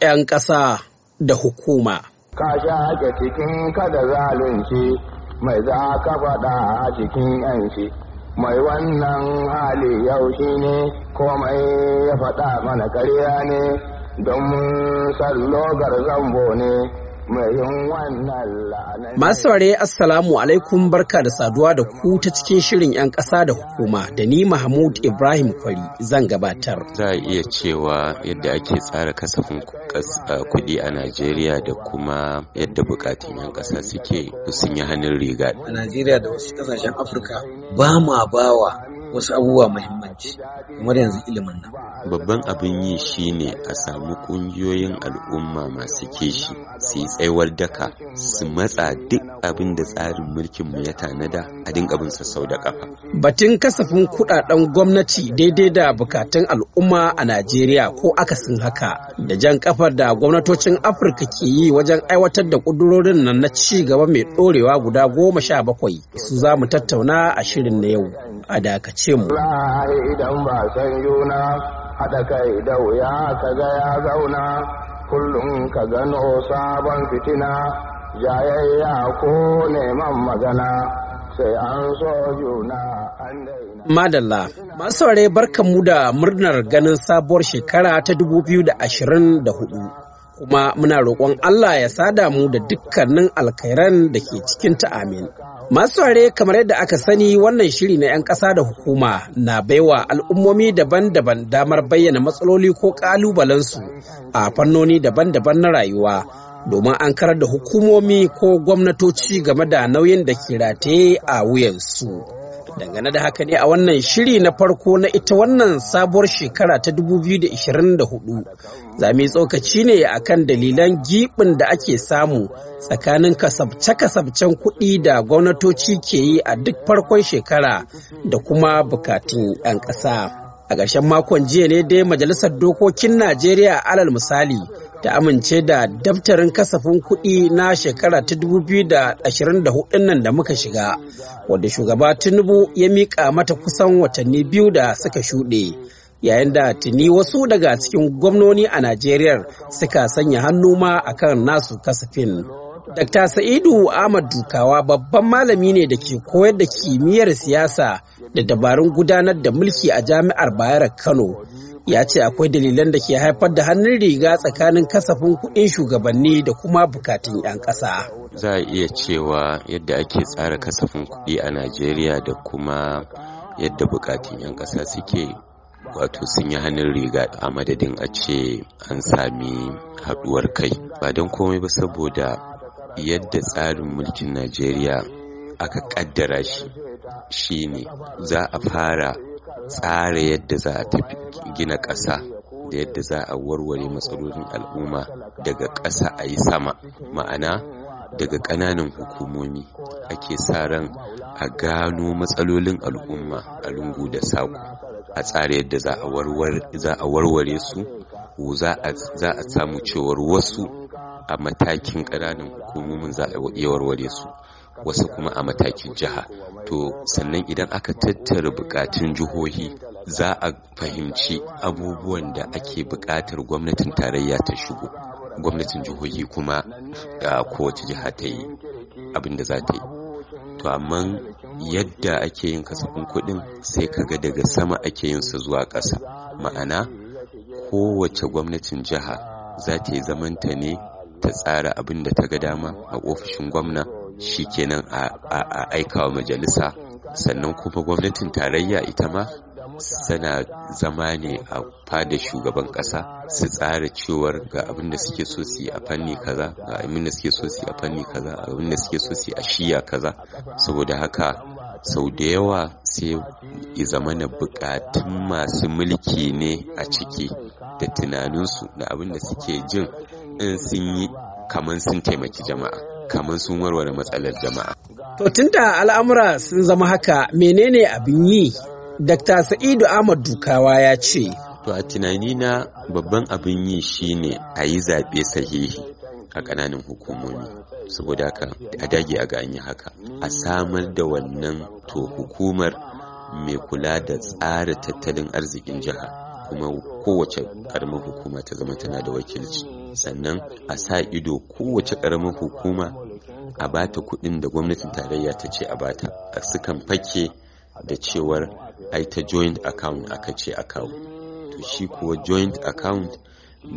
'yan ƙasa da hukuma. Ka shaƙe cikin kada zalunci mai za ka faɗa a cikin 'yanci, mai wannan hali yau shi ne komai ya faɗa mana karya ne don mun logar zambo ne. Masu saurare Assalamu alaikum barka da saduwa da ku ta cikin shirin 'yan ƙasa da hukuma da ni Mahmud Ibrahim Kwari zan gabatar. Za a iya cewa yadda ake tsara kasafin kuɗi a Najeriya da kuma yadda bukatun 'yan ƙasa suke sun yi hannun riga. A Najeriya da wasu ƙasashen Afirka ba ma bawa wasu abubuwa mahimmanci kamar yanzu ilimin nan babban abin yi shine a samu ƙungiyoyin al'umma masu kishi su yi tsayuwar daka su matsa duk abin da tsarin mulkin mu ya tanada a dinga bin sassau da kafa batun kasafin kudaden gwamnati daidai da bukatun al'umma a Najeriya ko akasin haka da jan kafar da gwamnatocin Afirka ke yi wajen aiwatar da kudurorin nan na ci gaba mai dorewa guda goma sha bakwai su za mu tattauna a shirin na yau a dakaci wadace mu idan ba san yuna haɗa kai da wuya ka ga ya zauna kullum ka gano sabon fitina jayayya ko neman magana sai an so juna an daina madalla masu saurare barkanmu da murnar ganin sabuwar shekara ta 2024 kuma muna roƙon Allah ya sada mu da dukkanin alkhairan da ke cikin ta amin. Masu ware kamar yadda aka sani wannan shiri na 'yan ƙasa da hukuma na baiwa al'ummomi daban-daban damar bayyana matsaloli ko ƙalubalensu a fannoni daban-daban na rayuwa domin an karar da hukumomi ko gwamnatoci game da nauyin da ke rataye a wuyansu. Dangane da haka ne a wannan shiri na farko na ita wannan sabuwar shekara ta 2024 zami tsokaci ne a kan dalilan gibin da ake samu tsakanin kasabce-kasabcen kuɗi da gwamnatoci ke yi a duk farkon shekara da kuma bukatun 'yan ƙasa. A ƙarshen makon jiya ne dai Majalisar Dokokin Najeriya alal misali. ta amince da daftarin kasafin kuɗi na shekara ta 2024 nan da muka shiga wadda shugaba tinubu ya miƙa mata kusan watanni biyu da suka shuɗe yayin da tuni wasu daga cikin gwamnoni a najeriya suka sanya hannu ma akan nasu kasafin. Dr. Sa'idu Ahmad Dukawa babban malami ne da ke koyar da kimiyyar siyasa da dabarun gudanar da mulki a jami'ar Bayero Kano. Ya ce akwai dalilan da ke haifar da hannun riga tsakanin kasafin kuɗin shugabanni da kuma bukatun 'yan ƙasa. Za a iya cewa yadda ake tsara kasafin kuɗi a Najeriya da kuma yadda bukatun 'yan ƙasa suke wato sun yi hannun riga a madadin a ce an sami haɗuwar kai ba don komai ba saboda yadda tsarin mulkin najeriya aka kaddara shi shine za a fara tsara yadda za a tafi gina ƙasa da yadda za a warware matsalolin al'umma daga ƙasa a yi sama ma'ana daga ƙananan hukumomi ake sa ran a gano matsalolin al'umma a lungu da saƙo a tsara yadda za a warware su za a samu cewar wasu a matakin ƙananan hukumomin za a iya warware su wasu kuma a matakin jiha to sannan idan aka tattara bukatun jihohi za a fahimci abubuwan da ake bukatar gwamnatin tarayya ta shigo gwamnatin jihohi kuma da kowace jiha ta yi abin da za ta yi to amma yadda ake yin kasafin kuɗin sai kaga daga sama ake yin sa zuwa ƙasa ma'ana kowace gwamnatin jiha za ta yi zamanta ne ta tsara abin da ta ga dama a ofishin gwamna shi kenan a aikawa majalisa sannan kuma gwamnatin tarayya ita ma suna zama ne a fada shugaban kasa su tsara cewar ga abin da suke so su yi a fanni kaza ga abin da suke so su yi a fanni kaza ga abin da suke so su yi a shiya kaza saboda haka sau da yawa sai ya zama na bukatun masu mulki ne a ciki da tunaninsu da abin da suke jin in sun yi kamar sun taimaki jama'a kamar sun warware matsalar jama'a to tunda al'amura sun zama haka menene abin yi dr sa'idu ahmad dukawa ya ce to a na babban abin yi shine a yi zaɓe sahihi a ƙananan hukumomi saboda haka a dage a ganye haka a samar da wannan to hukumar mai kula da tsara tattalin arzikin jiha kuma kowace ƙaramin hukuma ta zama tana da wakilci sannan a sa ido kowace ƙaramin hukuma a bata kuɗin da gwamnatin tarayya ta ce a bata a sukan fake da cewar ai ta joint account aka ce a to shi kuwa joint account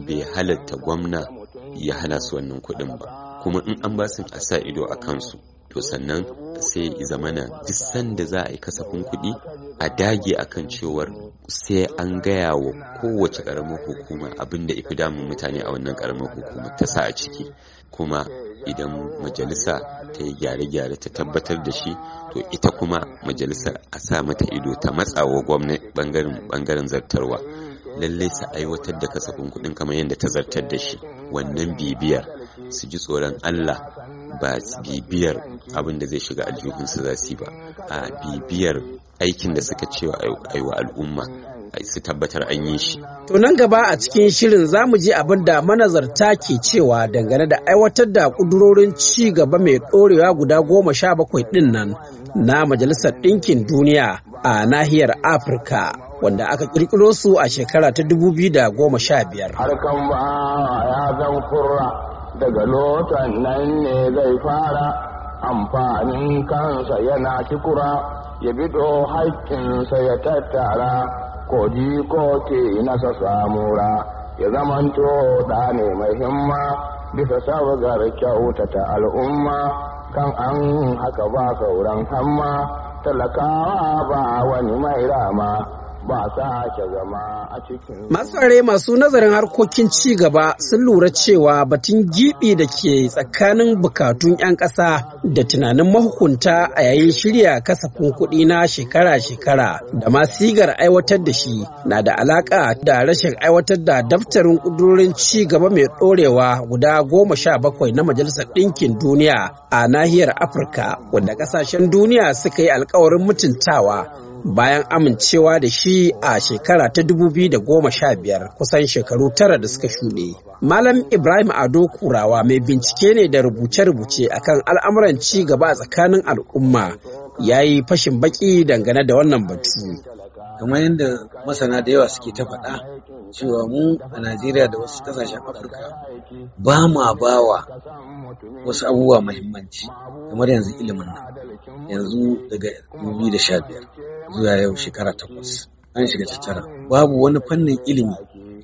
bai halatta gwamna ya hana su wannan kuɗin ba kuma in an basu a sa ido a kansu to sannan sai zamana duk sanda za a yi kasafin kuɗi a dage akan cewar sai an gaya wa kowace ƙaramar hukuma abinda da ifi damun mutane a wannan ƙaramar hukuma ta sa a ciki kuma idan majalisa ta yi gyare-gyare ta tabbatar da shi to ita kuma majalisar a sa mata ido ta matsawa gwamnati bangaren zartarwa lallai su aiwatar da kasafin kuɗin kamar yadda ta zartar da shi wannan bibiyar su ji tsoron Allah ba bibiyar abin da zai shiga aljihunsu za su ba a bibiyar aikin da suka cewa aiwa al'umma su tabbatar an yi shi. To nan gaba a cikin shirin za mu ji abin da manazarta ke cewa dangane da aiwatar da kudurorin ci gaba mai ɗorewa guda goma sha bakwai ɗin nan na Majalisar Ɗinkin Duniya a nahiyar Afirka. wanda aka kirkiro su a shekara ta da 2015 harkan ba ya zan kurra daga lotan nan ne zai fara amfanin kansa yana kikura ya bido haƙƙinsa ya tattara ji ko ke nasa samura ya zamanto da ne mai himma bisa sabgar kyautata al'umma kan an haka ba sauran hamma talakawa ba wani mai rama ba masu tsare masu nazarin harkokin ci gaba sun lura cewa batun gibi da ke tsakanin bukatun 'yan ƙasa da tunanin mahukunta a yayin shirya kasafin kuɗi na shekara-shekara da ma sigar aiwatar da shi na da alaƙa da rashin aiwatar da daftarin ƙudurorin ci gaba mai ɗorewa guda goma sha bakwai na majalisar ɗinkin duniya a nahiyar afirka wanda ƙasashen duniya suka yi alkawarin mutuntawa bayan amincewa da shi a shekara ta dubu biyu da goma sha biyar, kusan shekaru tara da suka shuɗe. Malam Ibrahim Ado Kurawa mai bincike ne da rubuce-rubuce akan al'amuran ci gaba a tsakanin al'umma ya yi fashin baki dangane da wannan batu. kamar yadda masana da yawa suke ta faɗa cewa mu a najeriya da wasu ƙasashen afirka ba ma ba wa wasu abubuwa mahimmanci kamar yanzu ilimin nan yanzu daga 2015 zuwa yau shekara takwas an shiga tattara babu wani fannin ilimi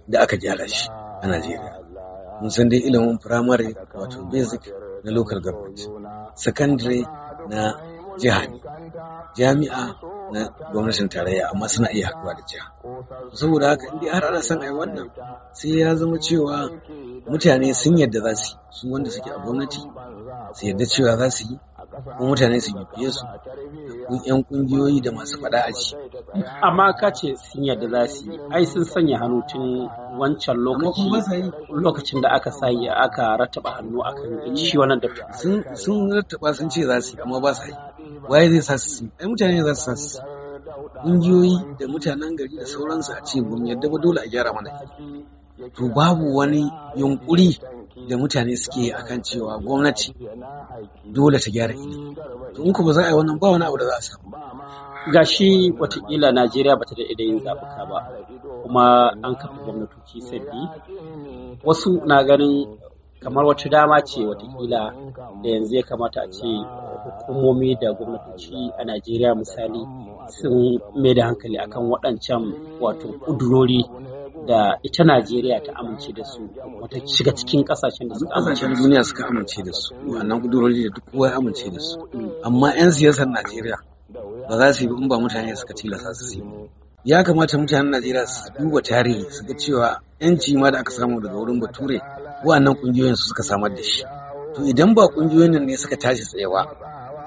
da aka gyara shi a najeriya mun san dai ilimin firamare wato basic na local government secondary na jiha jami'a na gwamnatin tarayya amma suna iya haɗuwa da jiha saboda haka indai har ana son a yi wannan sai ya zama cewa mutane sun yarda za su yi su wanda suke a gwamnati su yarda cewa za su yi ko mutane su bibiye su yan kungiyoyi da masu faɗa a ci. Amma ka ce sun yarda za su yi, ai sun sanya hannu tun wancan lokaci lokacin da aka sa aka rattaba hannu akan shi wannan da sun rattaba sun ce za su yi amma ba su yi. waye zai sa su ai mutane za su sa su ƙungiyoyi da mutanen gari da sauransu a ce ba mu yadda ba dole a gyara mana to babu wani yunkuri da mutane suke akan cewa gwamnati dole ta gyara ilimi to in ba za a yi wannan ba wani abu da za a samu gashi watakila najeriya bata da idayin zaɓuka ba kuma an kafa gwamnatoci sabbi wasu na ganin kamar wata dama ce watakila da yanzu ya kamata a ce hukumomi da gwamnatoci a najeriya misali sun mai da hankali akan waɗancan wato ƙudurori da ita najeriya ta amince da su wata shiga cikin ƙasashen da suka amince da duniya suka amince da su wannan ƙudurori da duk kowa ya amince da su amma 'yan siyasar najeriya ba za su yi ba mutane suka tilasta su yi ya kamata mutanen najeriya su duba tarihi su ga cewa 'yanci ma da aka samu daga wurin bature Wannan kungiyoyin su suka samar da shi to idan ba kungiyoyin nan ne suka tashi tsayawa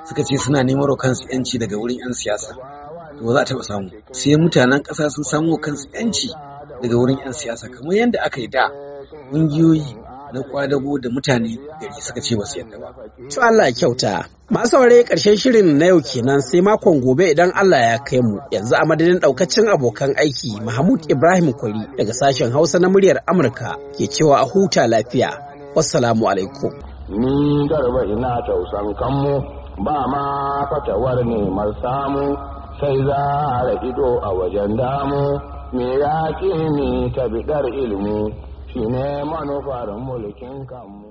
suka ce suna neman kansu yanci daga wurin yan siyasa to ba za a taɓa samu sai mutanen ƙasa sun samo kansu yanci daga wurin yan siyasa kamar yadda aka yi da kungiyoyi na kwadago da mutane gari suka ce basu yadda ba. To Allah kyauta. Masu saurare ƙarshen shirin na yau kenan sai makon gobe idan Allah ya kai mu yanzu a madadin ɗaukacin abokan aiki Mahmud Ibrahim Kwari daga sashen Hausa na muryar Amurka ke cewa a huta lafiya. Wassalamu alaikum. Ni garba ina tausan kanmu ba ma fatawar neman samu sai za a ido a wajen damu me ya ke ni ta ilimi shi ne manufar mulkin kanmu